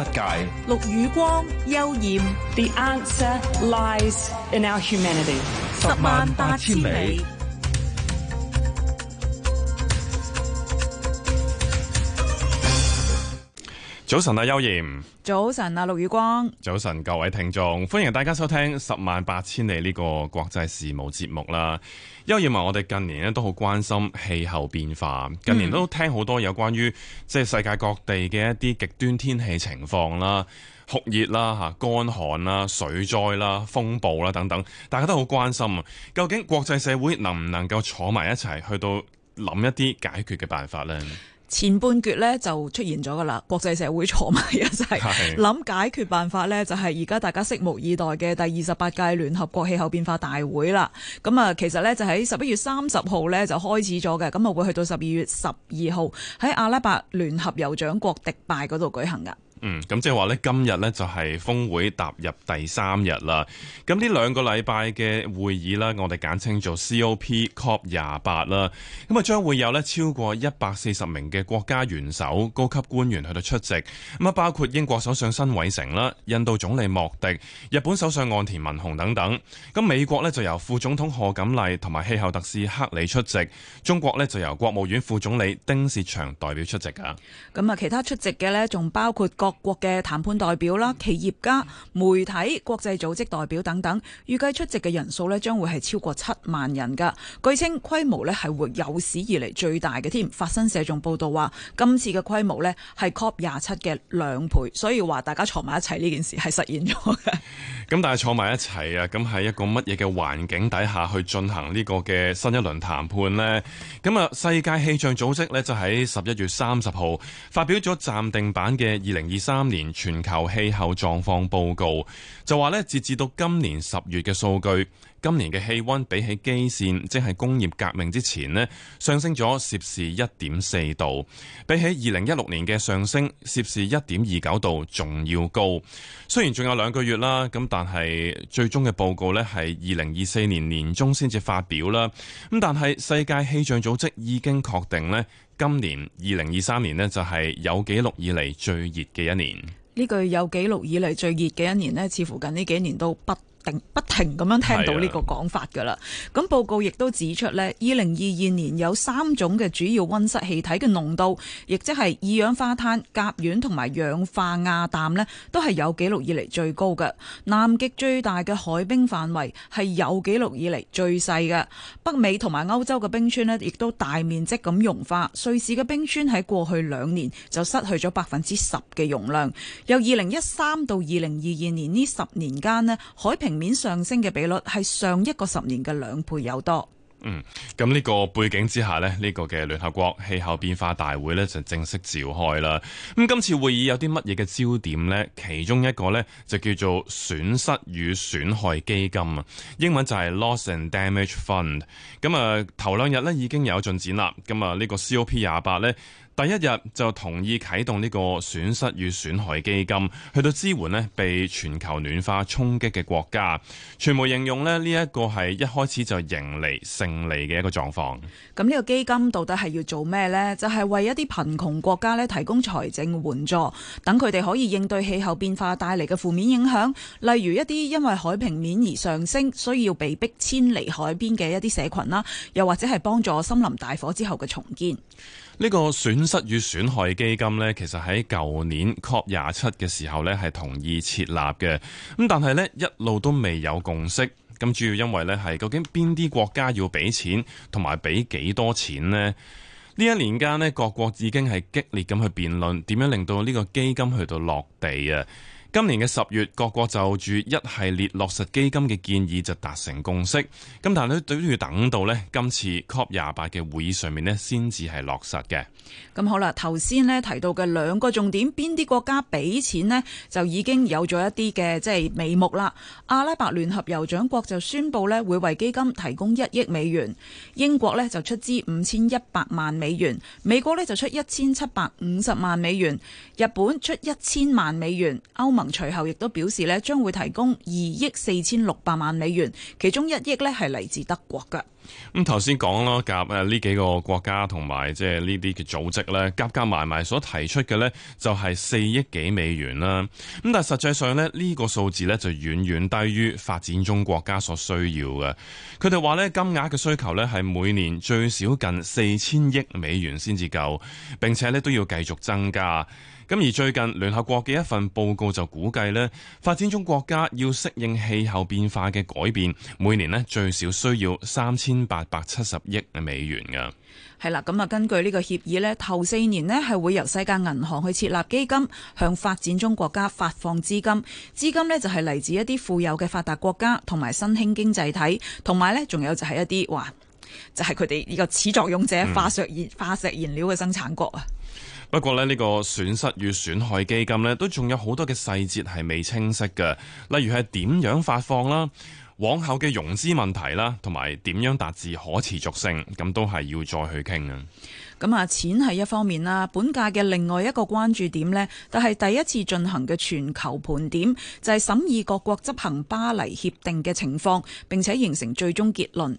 世界，陸宇光，邱賢，The answer lies in our humanity，十萬八千里。早晨啊，邱賢，早晨啊，陸宇光，早晨，各位聽眾，歡迎大家收聽《十萬八千里》呢個國際事務節目啦。因為認我哋近年咧都好關心氣候變化，近年都聽好多有關於即係世界各地嘅一啲極端天氣情況啦、酷熱啦、嚇乾旱啦、水災啦、風暴啦等等，大家都好關心。究竟國際社會能唔能夠坐埋一齊去到諗一啲解決嘅辦法呢？前半決咧就出現咗噶啦，國際社會坐埋一齊，諗的解決辦法咧就係而家大家拭目以待嘅第二十八屆聯合國氣候變化大會啦。咁啊，其實咧就喺十一月三十號咧就開始咗嘅，咁啊會去到十二月十二號，喺阿拉伯聯合酋長國迪拜嗰度舉行噶。嗯，咁即係話咧，今日咧就係峰會踏入第三日啦。咁呢兩個禮拜嘅會議咧，我哋簡稱做 COP COP 廿八啦。咁啊，將會有咧超過一百四十名嘅國家元首、高級官員去到出席。咁啊，包括英國首相辛偉誠啦、印度總理莫迪、日本首相岸田文雄等等。咁美國咧就由副總統賀錦麗同埋氣候特使克里出席。中國咧就由國務院副總理丁薛祥代表出席噶。咁啊，其他出席嘅咧，仲包括各國嘅談判代表啦、企業家、媒體、國際組織代表等等，預計出席嘅人數咧將會係超過七萬人噶。據稱規模咧係會有史以嚟最大嘅添。法新社仲報道話，今次嘅規模咧係 COP 廿七嘅兩倍，所以話大家坐埋一齊呢件事係實現咗嘅。咁大家坐埋一齊啊，咁喺一個乜嘢嘅環境底下去進行呢個嘅新一輪談判咧？咁啊，世界氣象組織咧就喺十一月三十號發表咗暫定版嘅二零二三年全球氣候狀況報告就話咧，截至到今年十月嘅數據，今年嘅氣溫比起基線，即係工業革命之前呢，上升咗攝氏一點四度，比起二零一六年嘅上升攝氏一點二九度仲要高。雖然仲有兩個月啦，咁但係最終嘅報告呢，係二零二四年年中先至發表啦。咁但係世界氣象組織已經確定呢。今年二零二三年呢，就係有紀錄以嚟最熱嘅一年。呢句有紀錄以嚟最熱嘅一年呢，似乎近呢幾年都不停不停咁樣聽到呢個講法噶啦，咁的報告亦都指出，呢二零二二年有三種嘅主要溫室氣體嘅濃度，亦即係二氧化碳、甲烷同埋氧化亞氮呢，都係有紀錄以嚟最高嘅。南極最大嘅海冰範圍係有紀錄以嚟最細嘅。北美同埋歐洲嘅冰川呢，亦都大面積咁融化。瑞士嘅冰川喺過去兩年就失去咗百分之十嘅容量。由二零一三到二零二二年呢十年間，呢海平面上升嘅比率係上一個十年嘅兩倍有多。嗯，咁呢個背景之下呢，呢、這個嘅聯合國氣候變化大會呢就正式召開啦。咁、嗯、今次會議有啲乜嘢嘅焦點呢？其中一個呢就叫做損失與損害基金啊，英文就係 Loss and Damage Fund。咁、嗯、啊，頭兩日呢已經有進展啦。咁、嗯、啊，呢、這個 COP 廿八呢。第一日就同意啟動呢個損失與損害基金，去到支援咧被全球暖化衝擊嘅國家，傳媒形容呢，呢一個係一開始就迎嚟勝利嘅一個狀況。咁呢個基金到底係要做咩呢？就係、是、為一啲貧窮國家咧提供財政援助，等佢哋可以應對氣候變化帶嚟嘅負面影響，例如一啲因為海平面而上升，需要被逼遷離海邊嘅一啲社群啦，又或者係幫助森林大火之後嘅重建。呢個損失與損害基金呢，其實喺舊年 COP 27嘅時候呢，係同意設立嘅。咁但係呢，一路都未有共識。咁主要因為呢，係究竟邊啲國家要俾錢，同埋俾幾多錢呢？呢一年間呢，各國已經係激烈咁去辯論點樣令到呢個基金去到落地啊！今年嘅十月，各國就住一系列落實基金嘅建議就達成共識。咁但係咧都要等到咧今次 COP 廿八嘅會議上面咧，先至係落實嘅。咁好啦，頭先咧提到嘅兩個重點，邊啲國家俾錢咧就已經有咗一啲嘅即係眉目啦。阿拉伯聯合酋長國就宣布咧會為基金提供一億美元，英國咧就出資五千一百萬美元，美國咧就出一千七百五十萬美元，日本出一千萬美元，歐。盟隨後亦都表示咧，將會提供二億四千六百萬美元，其中一億咧係嚟自德國嘅。咁頭先講咯，夾誒呢幾個國家同埋即係呢啲嘅組織咧，夾夾埋埋所提出嘅咧就係四億幾美元啦。咁但係實際上咧，呢個數字咧就遠遠低於發展中國家所需要嘅。佢哋話咧，金額嘅需求咧係每年最少近四千億美元先至夠，並且咧都要繼續增加。咁而最近聯合國嘅一份報告就估計呢，發展中國家要適應氣候變化嘅改變，每年呢最少需要三千八百七十億美元㗎。係啦，咁啊，根據呢個協議呢，頭四年呢係會由世界銀行去設立基金，向發展中國家發放資金。資金呢就係嚟自一啲富有嘅發達國家，同埋新興經濟體，同埋呢仲有就係一啲話，就係佢哋呢個始作俑者化石燃化石燃料嘅生產國啊。嗯不過呢，呢個損失與損害基金呢，都仲有好多嘅細節係未清晰嘅，例如係點樣發放啦，往後嘅融資問題啦，同埋點樣達至可持續性，咁都係要再去傾啊。咁啊、嗯，錢係一方面啦，本屆嘅另外一個關注點呢，就係第一次進行嘅全球盤點，就係、是、審議各國執行巴黎協定嘅情況，並且形成最終結論。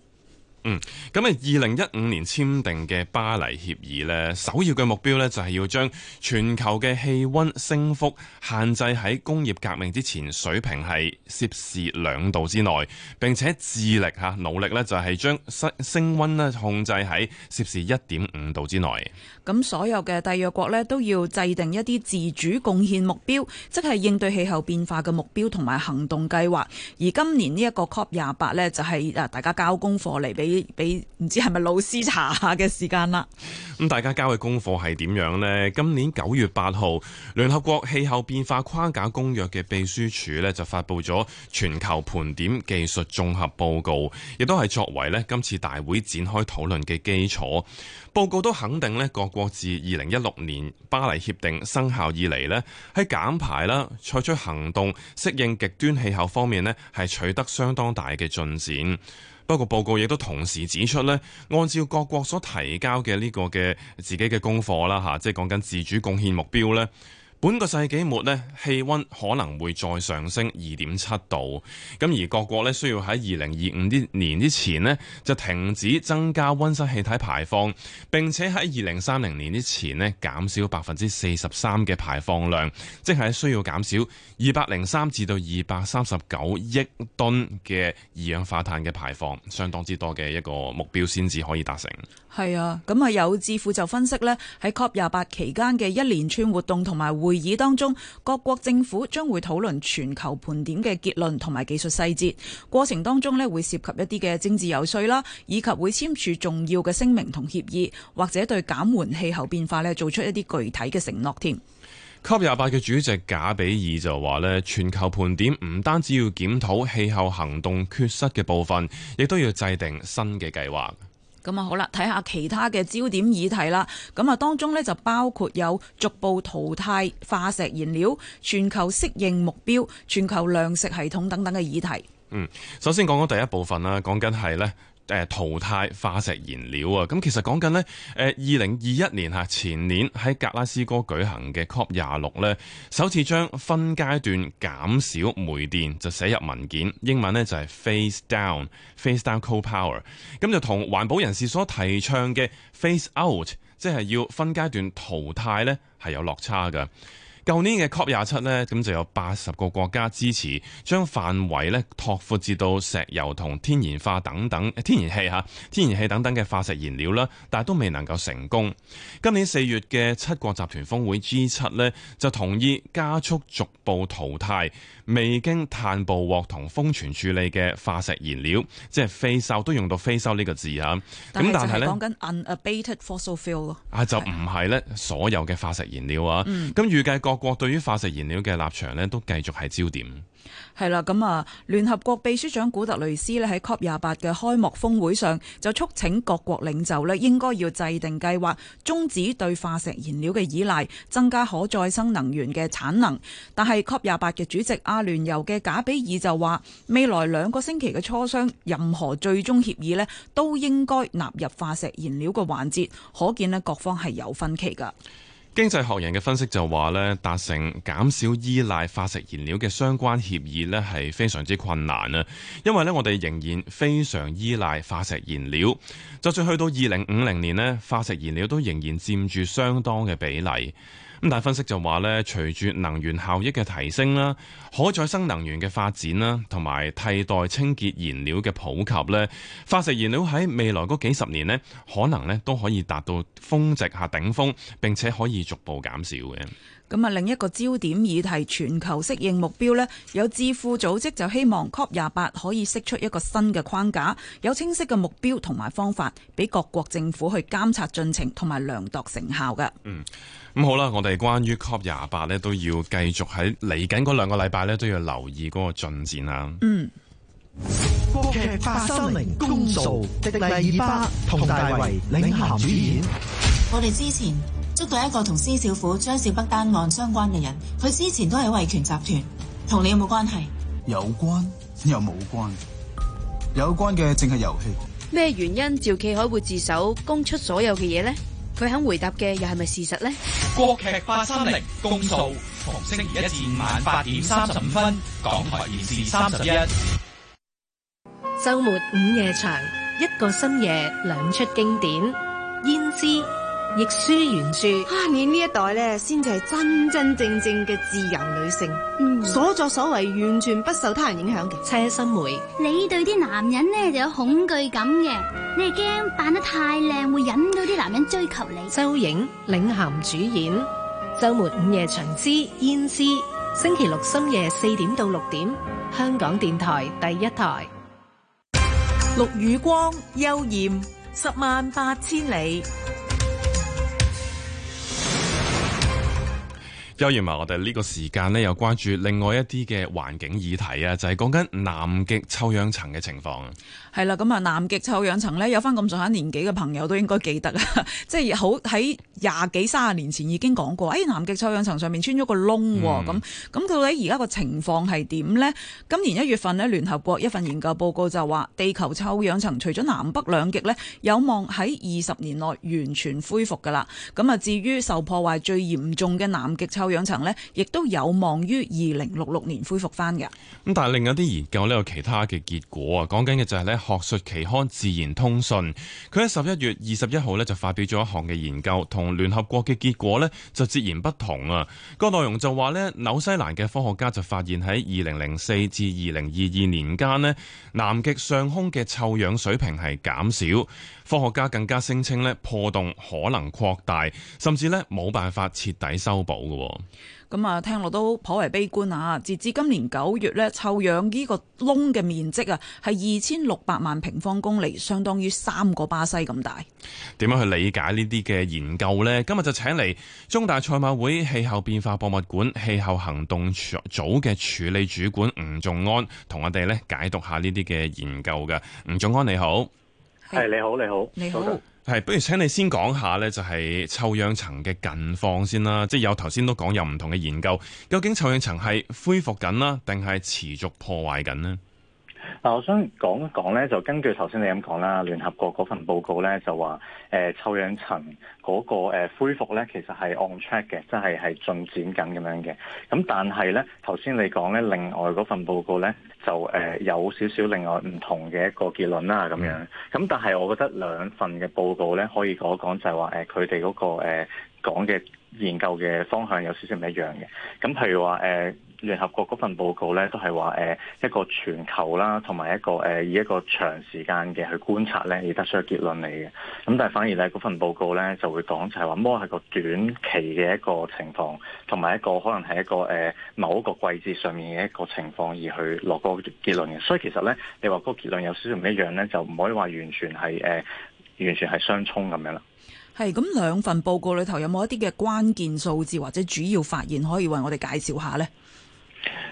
嗯，咁啊，二零一五年簽訂嘅巴黎協議咧，首要嘅目標咧就係要將全球嘅氣溫升幅限制喺工業革命之前水平係攝氏兩度之內，並且致力吓努力咧就係將升升溫咧控制喺攝氏一點五度之內。咁所有嘅締約國咧都要制定一啲自主貢獻目標，即係應對氣候變化嘅目標同埋行動計劃。而今年呢一個 COP 廿八咧就係啊，大家交功課嚟畀俾唔知係咪老師查下嘅時間啦？咁大家交嘅功課係點樣呢？今年九月八號，聯合國氣候變化框架公約嘅秘書處呢就發佈咗全球盤點技術綜合報告，亦都係作為呢今次大會展開討論嘅基礎。報告都肯定呢各國自二零一六年巴黎協定生效以嚟呢喺減排啦、採取行動、適應極端氣候方面呢係取得相當大嘅進展。不過報告亦都同時指出咧，按照各國所提交嘅呢個嘅自己嘅功課啦，嚇，即係講緊自主貢獻目標咧。本個世紀末呢氣温可能會再上升二點七度。咁而各國呢，需要喺二零二五啲年之前呢，就停止增加温室氣體排放，並且喺二零三零年之前呢，減少百分之四十三嘅排放量，即係需要減少二百零三至到二百三十九億噸嘅二氧化碳嘅排放，相當之多嘅一個目標先至可以達成。係啊，咁啊有智庫就分析呢，喺 COP 廿八期間嘅一連串活動同埋會議當中，各國政府將會討論全球盤點嘅結論同埋技術細節。過程當中咧，會涉及一啲嘅政治游說啦，以及會簽署重要嘅聲明同協議，或者對減緩氣候變化咧做出一啲具體嘅承諾添。COP28 嘅主席賈比爾就話咧，全球盤點唔單止要檢討氣候行動缺失嘅部分，亦都要制定新嘅計劃。咁啊，好啦，睇下其他嘅焦點議題啦。咁啊，當中呢，就包括有逐步淘汰化石燃料、全球適應目標、全球糧食系統等等嘅議題。嗯，首先講講第一部分啦，講緊係呢。誒、呃、淘汰化石燃料啊！咁其實講緊呢，誒二零二一年嚇前年喺格拉斯哥舉行嘅 COP 廿六呢，首次將分階段減少煤電就寫入文件，英文呢就係 phase down phase down coal power，咁就同環保人士所提倡嘅 phase out，即係要分階段淘汰呢，係有落差嘅。舊年嘅 COP 廿七呢，咁就有八十個國家支持將範圍呢拓闊至到石油同天然化等等天然氣嚇，天然氣、啊、等等嘅化石燃料啦，但係都未能夠成功。今年四月嘅七國集團峰會 G 七呢，就同意加速逐步淘汰。未經碳捕獲同封存處理嘅化石燃料，即係非收，都用到非收呢個字啊！咁但係咧，講緊 unabated fossil fuel 咯，啊就唔係咧，所有嘅化石燃料啊，咁、嗯、預計各國對於化石燃料嘅立場咧，都繼續係焦點。係啦，咁啊，聯合國秘書長古特雷斯呢，喺 COP 廿八嘅開幕峰會上就促請各國領袖呢，應該要制定計劃，終止對化石燃料嘅依賴，增加可再生能源嘅產能。但係 COP 廿八嘅主席阿聯酋嘅賈比爾就話，未來兩個星期嘅磋商，任何最終協議呢，都應該納入化石燃料嘅環節。可見呢，各方係有分歧噶。經濟學人嘅分析就話咧，達成減少依賴化石燃料嘅相關協議咧，係非常之困難啊。因為咧，我哋仍然非常依賴化石燃料，就算去到二零五零年咧，化石燃料都仍然佔住相當嘅比例。咁但分析就話咧，隨住能源效益嘅提升啦，可再生能源嘅發展啦，同埋替代清潔燃料嘅普及咧，化石燃料喺未來嗰幾十年咧，可能咧都可以達到峰值下頂峰，並且可以逐步減少嘅。咁啊，另一個焦點議題係全球適應目標咧，有智庫組織就希望 COP 廿八可以釋出一個新嘅框架，有清晰嘅目標同埋方法，俾各國政府去監察進程同埋量度成效嘅。嗯。咁好啦，我哋關於 COP 廿八咧都要繼續喺嚟緊嗰兩個禮拜咧都要留意嗰個進展啊！嗯，八三零公道第二巴同大維領銜主演。我哋之前捉到一個同施小虎、張小北單案相關嘅人，佢之前都係維權集團，同你有冇關係？有關，有關又冇關，有關嘅淨係遊戲。咩原因趙啟海會自首，供出所有嘅嘢咧？佢肯回答嘅又係咪事實咧？歌劇八三零公數，逢星期一至五晚八點三十五分，港台電視三十一。周末午夜場，一個深夜兩齣經典，胭脂。亦舒原著，啊，你呢一代呢，先至係真真正正嘅自由女性，嗯、所作所為完全不受他人影響嘅。車心梅，你對啲男人呢，就有恐懼感嘅，你係驚扮得太靚會引到啲男人追求你。周影領銜主演，周末午夜長枝胭脂，星期六深夜四點到六點，香港電台第一台。陸雨光、幽豔，十萬八千里。交完埋，我哋呢個時間呢，又關注另外一啲嘅環境議題啊，就係講緊南極臭氧層嘅情況啊。係啦，咁啊，南極臭氧層呢，有翻咁上下年紀嘅朋友都應該記得啊，即係好喺廿幾三十年前已經講過，誒、哎，南極臭氧層上面穿咗個窿，哦，咁咁、嗯、到底而家個情況係點呢？今年一月份呢，聯合國一份研究報告就話，地球臭氧層除咗南北兩極呢，有望喺二十年內完全恢復噶啦。咁啊，至於受破壞最嚴重嘅南極臭，氧層呢，亦都有望於二零六六年恢復翻嘅。咁但係，另有啲研究呢有其他嘅結果啊，講緊嘅就係呢學術期刊《自然通訊》，佢喺十一月二十一號呢就發表咗一項嘅研究，同聯合國嘅結果呢就截然不同啊。個內容就話呢，紐西蘭嘅科學家就發現喺二零零四至二零二二年間呢，南極上空嘅臭氧水平係減少。科學家更加聲稱咧破洞可能擴大，甚至咧冇辦法徹底修補嘅。咁啊，聽落都頗為悲觀啊！截至今年九月咧，臭氧呢個窿嘅面積啊，係二千六百萬平方公里，相當於三個巴西咁大。點樣去理解呢啲嘅研究呢？今日就請嚟中大賽馬會氣候變化博物館氣候行動組嘅署理主管吳頌安，同我哋咧解讀下呢啲嘅研究嘅。吳頌安你好。係你好，你好，你好，係好 Okay.，不如請你先講下咧，就係臭氧層嘅近況先啦。即係有頭先都講有唔同嘅研究，究竟臭氧層係恢復緊啦，定係持續破壞緊呢？嗱，我想講一講咧，就根據頭先你咁講啦，聯合國嗰份報告咧就話，誒臭氧層嗰個、呃、恢復咧，其實係 on track 嘅，即係係進展緊咁樣嘅。咁但係咧，頭先你講咧，另外嗰份報告咧就誒、呃、有少少另外唔同嘅一個結論啦咁樣。咁但係我覺得兩份嘅報告咧可以講一講、呃那個呃、講講就係話，誒佢哋嗰個誒講嘅研究嘅方向有少少唔一樣嘅。咁譬如話誒。呃聯合國嗰份報告咧，都係話誒一個全球啦，同埋一個誒、呃、以一個長時間嘅去觀察咧，而得出嘅結論嚟嘅。咁但係反而咧，嗰份報告咧就會講就係話摩係個短期嘅一個情況，同埋一個可能係一個誒、呃、某一個季節上面嘅一個情況而去落個結論嘅。所以其實咧，你話嗰個結論有少少唔一樣咧，就唔可以話完全係誒、呃、完全係相衝咁樣啦。係咁，兩份報告裏頭有冇一啲嘅關鍵數字或者主要發現可以為我哋介紹下咧？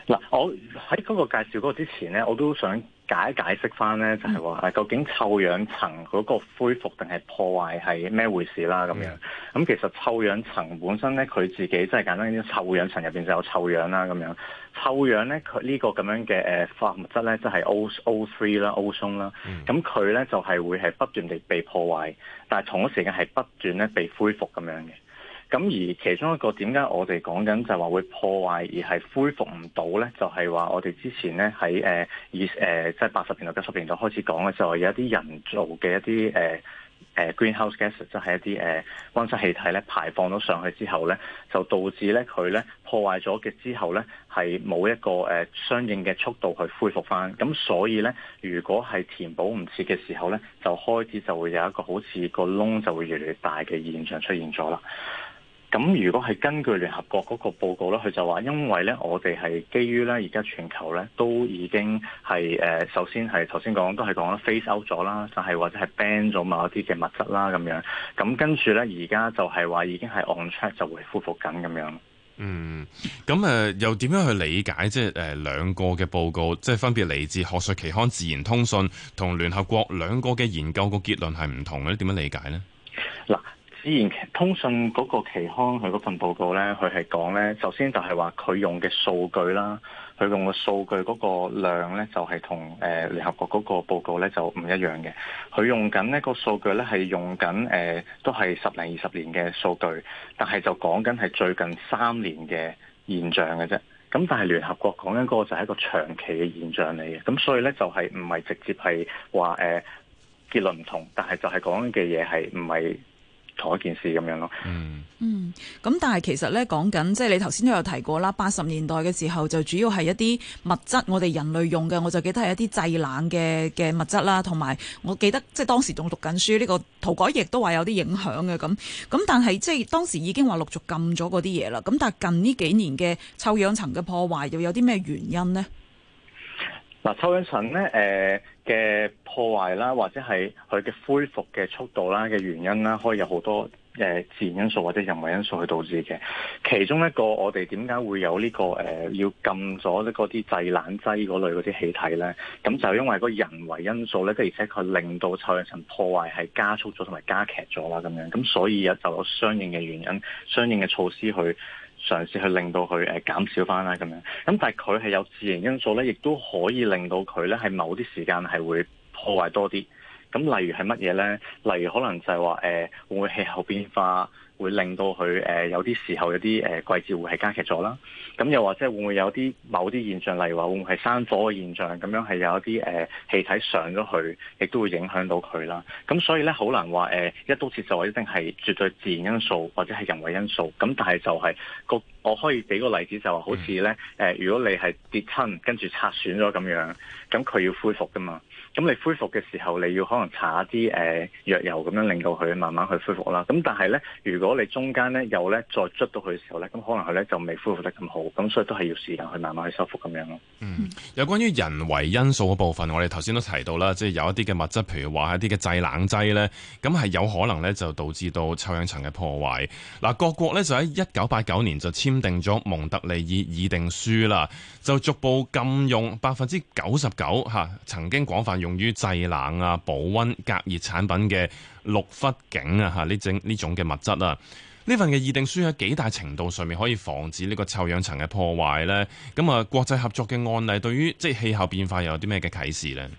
嗱，我喺嗰個介紹嗰個之前咧，我都想解一解釋翻咧，就係話，究竟臭氧層嗰個恢復定係破壞係咩回事啦、啊？咁樣，咁其實臭氧層本身咧，佢自己即係簡單啲，臭氧層入邊就有臭氧啦，咁樣，臭氧咧，佢、呃、呢個咁樣嘅誒化學物質咧，即、就、係、是、O O three 啦，O 松啦，咁佢咧就係、是、會係不斷地被破壞，但係同一時間係不斷咧被恢復咁樣嘅。咁而其中一個點解我哋講緊就話會破壞而係恢復唔到咧？就係話我哋之前咧喺誒而誒即係八十年代、九十年代開始講嘅，就係有一啲人造嘅一啲誒誒 greenhouse gases，即係一啲誒溫室氣體咧排放咗上去之後咧，就導致咧佢咧破壞咗嘅之後咧係冇一個誒相應嘅速度去恢復翻。咁所以咧，如果係填補唔切嘅時候咧，就開始就會有一個好似個窿就會越嚟越大嘅現象出現咗啦。咁如果係根據聯合國嗰個報告咧，佢就話因為咧，我哋係基於咧，而家全球咧都已經係誒、呃，首先係頭先講都係講咧，phase out 咗啦，就係或者係 ban 咗某啲嘅物質啦咁樣。咁跟住咧，而家就係話已經係 on track 就會恢復緊咁樣。嗯，咁誒、呃、又點樣去理解即係誒兩個嘅報告，即係分別嚟自《學術期刊》《自然通訊》同聯合國兩個嘅研究個結論係唔同嘅。點樣理解呢？嗱。自然通訊嗰個期刊佢嗰份報告咧，佢係講咧，首先就係話佢用嘅數據啦，佢用嘅數據嗰個量咧，就係同誒聯合國嗰個報告咧就唔一樣嘅。佢用緊呢個數據咧，係用緊誒、呃、都係十零二十年嘅數據，但係就講緊係最近三年嘅現象嘅啫。咁但係聯合國講緊嗰個就係一個長期嘅現象嚟嘅，咁所以咧就係唔係直接係話誒結論唔同，但係就係講緊嘅嘢係唔係。同一件事咁樣咯。嗯嗯，咁但係其實咧講緊，即係你頭先都有提過啦。八十年代嘅時候就主要係一啲物質，我哋人類用嘅，我就記得係一啲製冷嘅嘅物質啦，同埋我記得即係當時仲讀緊書，呢個塗改液都話有啲影響嘅咁。咁但係即係當時已經話陸續禁咗嗰啲嘢啦。咁但係近呢幾年嘅臭氧層嘅破壞又有啲咩原因呢？嗱，臭氧層咧，誒嘅破壞啦，或者係佢嘅恢復嘅速度啦嘅原因啦，可以有好多誒自然因素或者人為因素去導致嘅。其中一個我哋點解會有呢、這個誒、呃、要禁咗嗰啲製冷劑嗰類嗰啲氣體咧？咁就因為個人為因素咧，而且佢令到臭氧層破壞係加速咗同埋加劇咗啦，咁樣咁所以有就有相應嘅原因、相應嘅措施去。嘗試去令到佢誒減少翻啦，咁樣，咁但係佢係有自然因素咧，亦都可以令到佢咧喺某啲時間係會破壞多啲。咁例如係乜嘢咧？例如可能就係話誒會氣候變化。會令到佢誒、呃、有啲時候有啲誒、呃、季節會係加劇咗啦，咁又或者會唔會有啲某啲現象，例如話會唔會係山火嘅現象，咁樣係有一啲誒、呃、氣體上咗去，亦都會影響到佢啦。咁所以咧好難話誒、呃、一刀切就話一定係絕對自然因素或者係人為因素。咁但係就係、是、個我可以俾個例子就話好似咧誒，如果你係跌親跟住擦損咗咁樣，咁佢要恢復㗎嘛。咁你恢復嘅時候，你要可能搽一啲誒藥油咁樣令到佢慢慢去恢復啦。咁但係咧，如果你中間咧有咧再捽到佢嘅時候咧，咁可能佢咧就未恢復得咁好。咁所以都係要時間去慢慢去修復咁樣咯。嗯，有關於人為因素嘅部分，我哋頭先都提到啦，即係有一啲嘅物質，譬如話一啲嘅製冷劑咧，咁係有可能咧就導致到臭氧層嘅破壞。嗱，各國咧就喺一九八九年就簽訂咗蒙特利爾議定書啦，就逐步禁用百分之九十九吓，曾經廣泛用。用於製冷啊、保溫、隔熱產品嘅六氟丙啊，吓呢種呢種嘅物質啊，呢份嘅議定書喺幾大程度上面可以防止呢個臭氧層嘅破壞咧？咁啊，國際合作嘅案例對於即係氣候變化又有啲咩嘅啟示咧？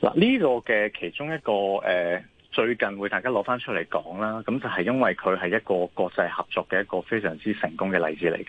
嗱，呢個嘅其中一個誒、呃，最近會大家攞翻出嚟講啦，咁就係因為佢係一個國際合作嘅一個非常之成功嘅例子嚟嘅。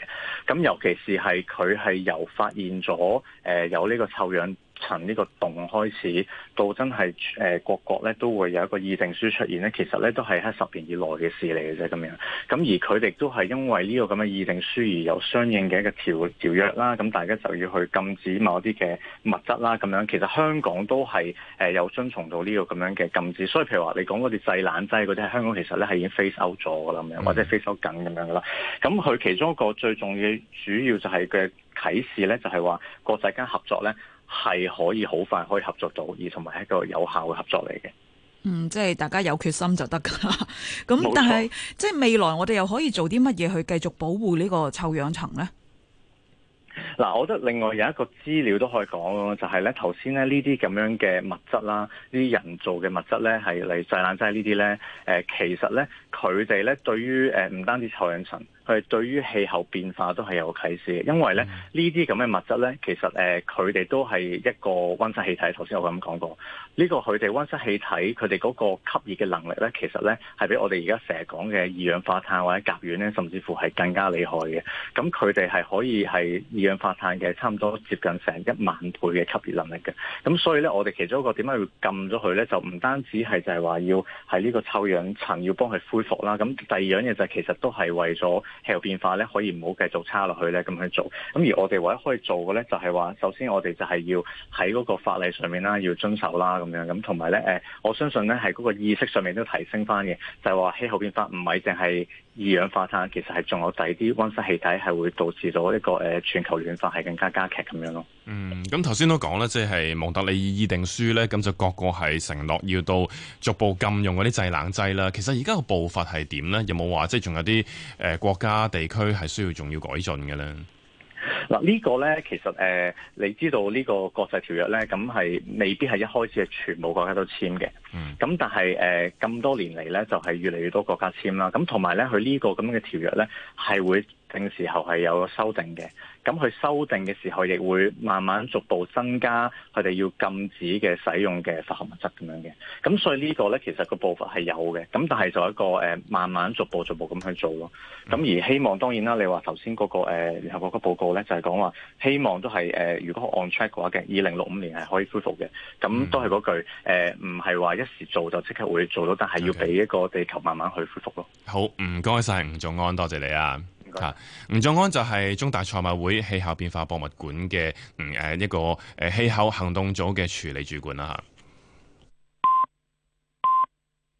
咁尤其是係佢係由發現咗誒、呃、有呢個臭氧。從呢個洞開始，到真係誒、呃、各國咧都會有一個議定書出現咧，其實咧都係喺十年以內嘅事嚟嘅啫咁樣。咁而佢哋都係因為呢個咁嘅議定書而有相應嘅一個條條約啦。咁大家就要去禁止某一啲嘅物質啦。咁樣其實香港都係誒有遵從到呢個咁樣嘅禁止。所以譬如話你講嗰啲製冷劑嗰啲，香港其實咧係已經非收咗㗎啦，咁樣或者非收緊咁樣㗎啦。咁佢其中一個最重要主要就係嘅啟示咧，就係、是、話國際間合作咧。係可以好快可以合作到，而同埋係一個有效嘅合作嚟嘅。嗯，即係大家有決心就得噶啦。咁 那錯但係，即係未來我哋又可以做啲乜嘢去繼續保護呢個臭氧層呢？嗱，我覺得另外有一個資料都可以講咯，就係咧頭先咧呢啲咁樣嘅物質啦，呢啲人造嘅物質咧係嚟製冷劑呢啲咧。誒、呃，其實咧佢哋咧對於誒唔單止臭氧層。佢對於氣候變化都係有啟示嘅，因為咧呢啲咁嘅物質咧，其實誒佢哋都係一個温室氣體。頭先我咁講過，呢個佢哋温室氣體佢哋嗰個吸熱嘅能力咧，其實咧係比我哋而家成日講嘅二氧化碳或者甲烷咧，甚至乎係更加厲害嘅。咁佢哋係可以係二氧化碳嘅差唔多接近成一萬倍嘅吸熱能力嘅。咁所以咧，我哋其中一個點解要禁咗佢咧，就唔單止係就係話要喺呢個臭氧層要幫佢恢復啦。咁第二樣嘢就係其實都係為咗。氣候變化咧，可以唔好繼續差落去咧，咁去做。咁而我哋唯一可以做嘅咧，就係話，首先我哋就係要喺嗰個法例上面啦，要遵守啦，咁樣咁，同埋咧，誒，我相信咧，係嗰個意識上面都提升翻嘅，就係話氣候變化唔係淨係二氧化碳其實係仲有第二啲溫室氣體係會導致到呢個誒、呃、全球暖化係更加加加劇咁樣咯。嗯，咁頭先都講啦，即係蒙特利爾議定書咧，咁就各個個係承諾要到逐步禁用嗰啲製冷劑啦。其實而家個步伐係點咧？有冇話即係仲有啲誒、呃、國家地區係需要仲要改進嘅咧？嗱呢個咧，其實誒、呃，你知道呢個國際條約咧，咁係未必係一開始係全部國家都簽嘅。嗯，咁但係誒，咁、呃、多年嚟咧，就係、是、越嚟越多國家簽啦。咁同埋咧，佢、這、呢個咁嘅條約咧，係會嘅時候係有修訂嘅，咁佢修訂嘅時候亦會慢慢逐步增加佢哋要禁止嘅使用嘅化學物質咁樣嘅，咁所以呢個咧其實個步伐係有嘅，咁但係就係一個誒、呃、慢慢逐步逐步咁去做咯，咁而希望當然啦，你話頭先嗰個誒聯合國個報告咧就係講話希望都係誒、呃、如果 on track 嘅話嘅，二零六五年係可以恢復嘅，咁都係嗰句誒，唔係話一時做就即刻會做到，但係要俾一個地球慢慢去恢復咯。Okay. 好，唔該晒，吳頌安，多謝你啊！吓，吳頌安就係中大賽馬會氣候變化博物館嘅嗯、誒一個誒氣候行動組嘅署理主管啦吓。